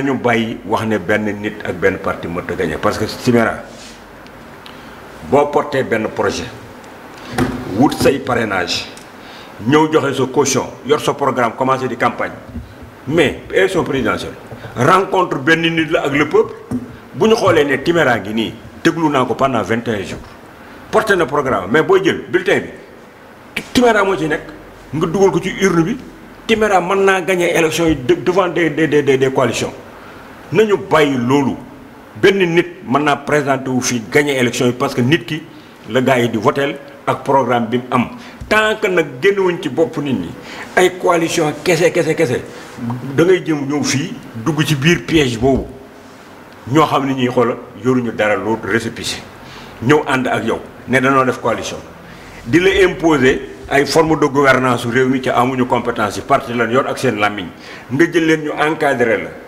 nañu bay wax ne ben nit ak ben parti mënta gagné parce que Siméra bo porté ben projet wut say parrainage ñeu joxe sa caution yor sa programme commencé di campagne mais élection présidentielle rencontre ben nit la ak le peuple bu xolé né ne Timéra ngi ni déglu nako pendant vingt et jours porter na programme mais boy jël bulletin bi Timéra mo ci nek nga duggal ko ci urne bi Timéra man na élection devant des des des des coalitions nañu bàyyi loolu benn nit mën naa présenté wu fii gagné élection yi parce que nit ki la gars yi di voteel ak programme bi mu am tant que nag génnewuñ ci bopp nit ñi ay coalition kese kese kese da ngay jëm ñëw fii dugg ci biir piège boobu ñoo xam ne ñuy xoola yoruñu dara loolu récépissé ñëw ànd ak yow ne dañoo def coalition di la imposer ay forme de gouvernance su réew mi ci amuñu compétence yi parti lan yor ak seen làmmiñ nga jël leen ñu encadré la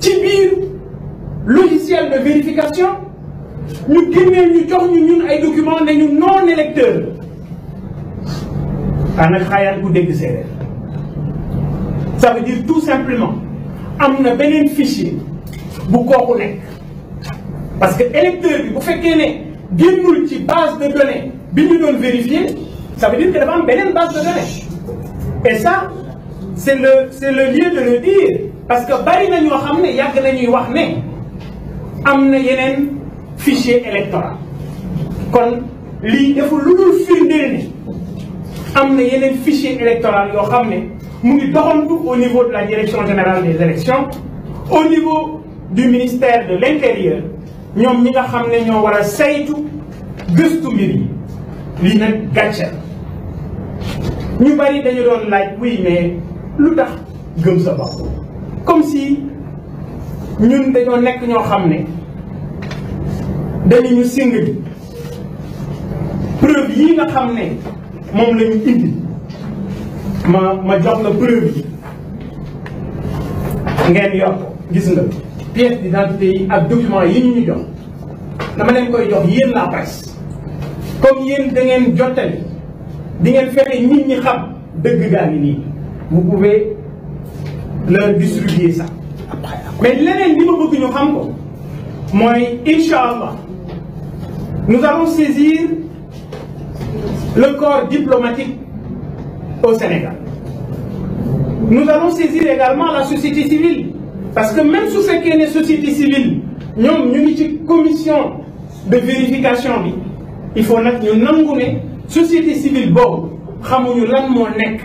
ci logiciel de vérification nous donnons nous documents né ñu non électeurs ça veut dire tout simplement amna benen fichier bu kooku parce que électeur bi bu qu'il y gennul ci base de données bi ñu vérifier ça veut dire que dafa am une base de données et ça c'est le c'est le lieu de le dire parce que bari na ñoo xam ne yàgg nañuy wax ne am na yeneen fichier électoral kon lii deful lu dul firndeel ni am na yeneen fichier électoral yoo xam ne mu ngi au niveau de la direction générale des élections au niveau du ministère de l'intérieur ñom ñi nga xamné ñoo wara saytu gëstu mbir yi lii nag gàcce ñu bari dañu doon laaj oui mais lutax gëm sa bopp comme si ñun dañoo nekk ñoo xam ne dañu ñu sing bi preuve yi nga xam ne moom lañu indi ma ma jox la preuve yi ngeen yokk gis nga pièce d'identité de ak document yi ñu ñu jox dama leen koy jox yéen la presse comme yéen da ngeen jottali di ngeen fexe nit ñi xam dëgg gaa nii vous pouvez leur distribuer ça mais ma bëgg ñu xam nous allons saisir le corps diplomatique au Sénégal nous allons saisir également la société civile parce que même qui est une société civile nous avons une commission de vérification il faut que ñu avons une société civile qui xamuñu lan moo nekk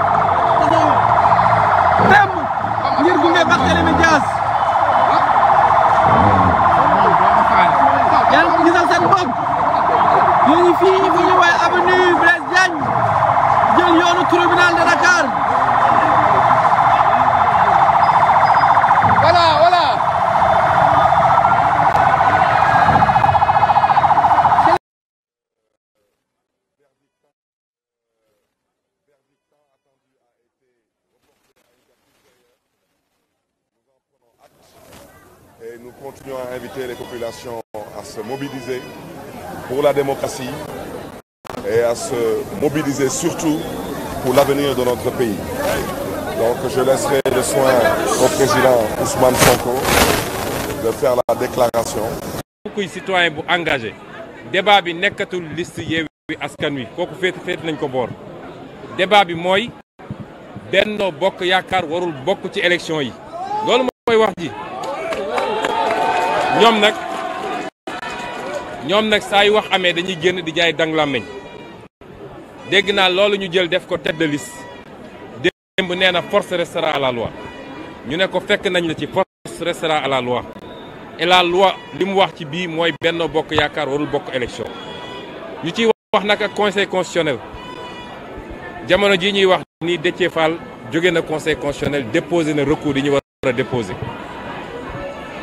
Barthélémy Dias yéen gisal seen bopp ñu ngi fii ñu fi ñëwee avenue Blaise Diagne jël yoonu tribunal de Dakar. Et nous continuons à inviter les populations à se mobiliser pour la démocratie et à se mobiliser surtout pour l'avenir de notre pays. Donc je laisserai le soin au président Ousmane Sonko de faire la déclaration. de citoyens bu engagés. débat bi nekkatul liste de Askan Wi kooku féet féet en ko boor débat bi mooy Benno Bokk Yaakaar warul bokk ci élection yi loolu je wax ji nous sommes ñoom Nous qui nous wax amee dañuy génn di jaay dang sommes dégg loolu ñu jël def ko tête de liste démb force restera à la loi Nous avons ko fekk la ci force restera à la loi et la loi nous mu wax ci Benno Bokk Nous warul bokk élection ñu Nous wax conseil constitutionnel jamono ji ñuy wax ni conseil constitutionnel déposer na recours déposé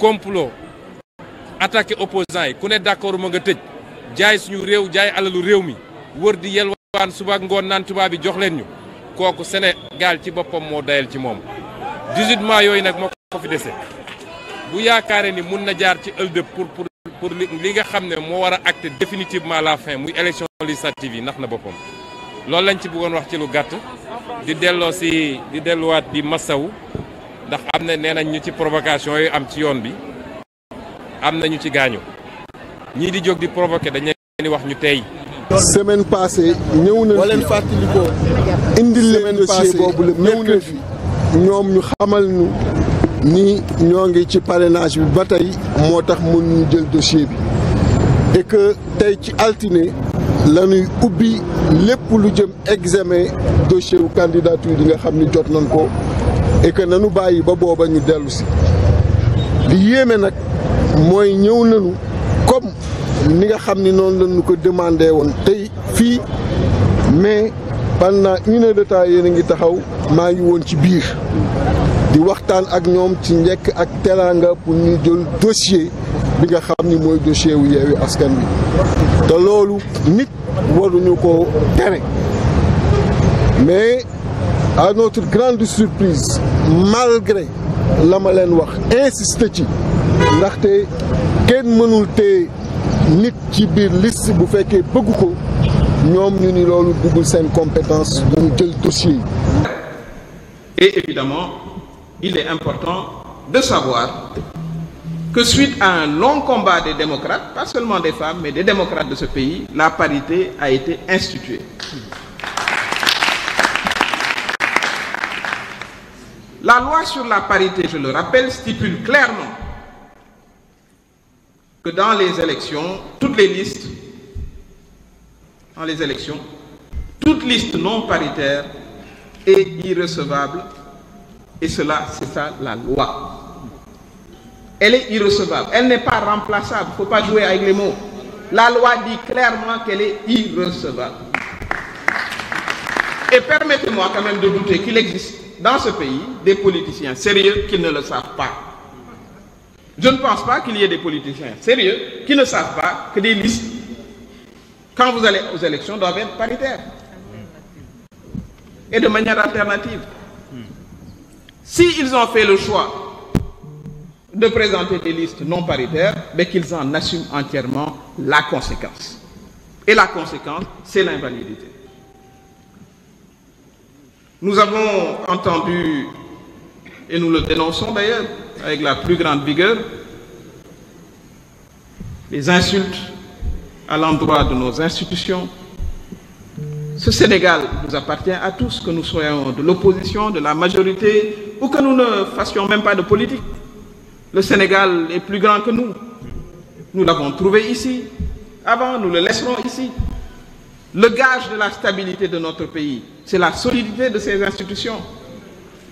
complot attaqué opposants yi ku ne d'accord ma nga tëj jaay suñu réew jaay alalu réew mi wër di yelwaan suba ngoon naan tubaab bi jox leen ñu kooku Sénégal ci boppam moo dayal ci moom 18 yooyu nag moo ko fi dese bu yaakaaree ni mun na jaar ci ëldëb pour pour pour li nga xam ne moo war a acté définitivement la fin muy élection législative yi ndax na boppam loolu lañ ci bëggoon wax ci lu gàtt di delloo si di delluwaat di masawu ndax am na nee nañ ñu ci provocation yu am ci yoon bi am nañu ci gaañu ñii di jóg di provoqué dañ wax ñu tey. semaine passé ñëw nañ. wala fàttalikoo indil leen dossier boobu la ñëw nañ fi ñoom ñu xamal ñu ni ñoo ngi ci parrainage bi ba tey moo tax mun ñu jël dossier bi et tey ci altine la ñuy ubbi lépp lu jëm examen dossier wu candidature yi nga xam ni jot nañ ko. et que nanu bàyyi ba booba ñu dellusi si li yéeme nag mooy ñëw nanu comme ni nga xam ni noonu lañu ko demande woon tey fii mais pendant une heure de temps yéen a ngi taxaw maa ngi woon ci biir di waxtaan ak ñoom ci njekk ak teraanga pour ñu jël dossier bi nga xam ni mooy dossier wu yeewi askan bi te loolu nit waruñu ko tere mais à notre grande surprise malgré la ma noire wax insisté ci liste dossier Et évidemment, il est important de savoir que suite à un long combat des démocrates, pas seulement des femmes, mais des démocrates de ce pays, la parité a été instituée. La loi sur la parité, je le rappelle, stipule clairement que dans les élections, toutes les listes, dans les élections, toute liste non paritaire est irrecevable. Et cela, c'est ça la loi. Elle est irrecevable. Elle n'est pas remplaçable. Il ne faut pas jouer avec les mots. La loi dit clairement qu'elle est irrecevable. Et permettez-moi quand même de douter qu'il existe dans ce pays des politiciens sérieux qui ne le savent pas. Je ne pense pas qu'il y ait des politiciens sérieux qui ne savent pas que des listes, quand vous allez aux élections, doivent être paritaires. Et de manière alternative. S'ils ont fait le choix de présenter des listes non paritaires, mais qu'ils en assument entièrement la conséquence. Et la conséquence, c'est l'invalidité. Nous avons entendu, et nous le dénonçons d'ailleurs avec la plus grande vigueur, les insultes à l'endroit de nos institutions. Ce Sénégal nous appartient à tous, que nous soyons de l'opposition, de la majorité, ou que nous ne fassions même pas de politique. Le Sénégal est plus grand que nous. Nous l'avons trouvé ici. Avant, nous le laisserons ici. Le gage de la stabilité de notre pays, c'est la solidité de ses institutions.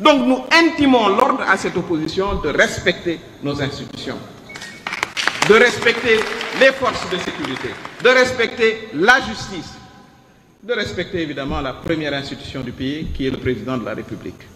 Donc nous intimons l'ordre à cette opposition de respecter nos institutions, de respecter les forces de sécurité, de respecter la justice, de respecter évidemment la première institution du pays qui est le président de la République.